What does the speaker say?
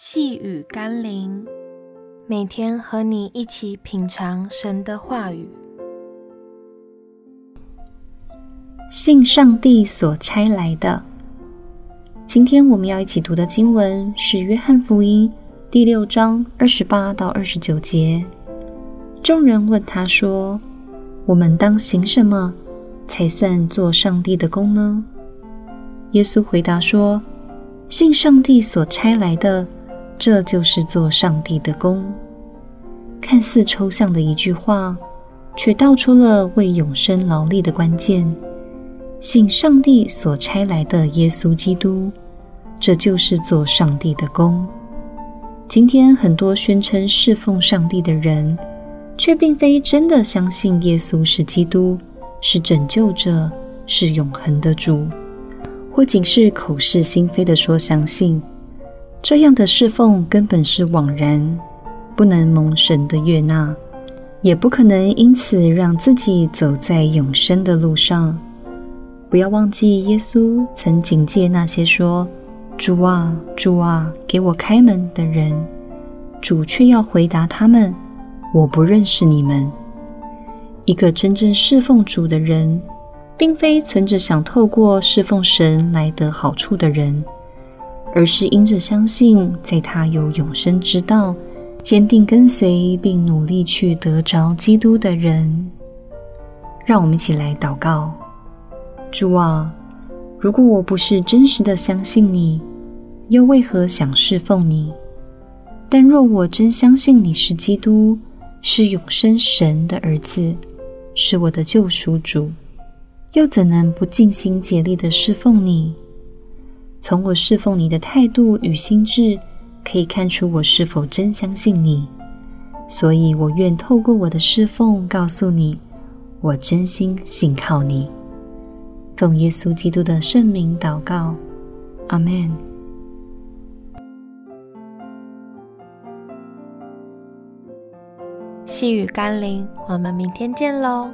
細語甘霖，每天和你一起品嘗神的話語，信上帝所差來的。今天我們要一起讀的經文是《約翰福音》第六章二十八到二十九節。眾人問他說：“我們當行什麼，才算做上帝的工呢？”耶穌回答說：“信上帝所差來的。”這就是做上帝的工。看似抽象的一句話，卻道出了為永生勞力的關鍵。信上帝所差來的耶穌基督，這就是做上帝的工。今天很多宣稱侍奉上帝的人，卻並非真的相信耶穌是基督，是拯救者，是永恆的主，或僅是口是心非的說相信。這樣的侍奉根本是枉然，不能蒙神的悅納，也不可能因此讓自己走在永生的路上。不要忘記，耶穌曾警戒那些說：“主啊，主啊，給我開門”的人，主卻要回答他們：“我不認識你們。”一個真正侍奉主的人，並非存着想透過侍奉神來得好處的人。而是因着相信，在他有永生之道，堅定跟隨並努力去得着基督的人，讓我們一起來禱告：主啊，如果我不是真實地相信你，又為何想事奉你？但若我真相信你是基督，是永生神的兒子，是我的救贖主，又怎能不盡心竭力的事奉你？從我事奉你的態度與心志，可以看出我是否真相信你。所以我願透過我的事奉，告訴你，我真心信靠你。奉耶穌基督的聖名禱告，阿門。細語甘霖，我們明天見嘍。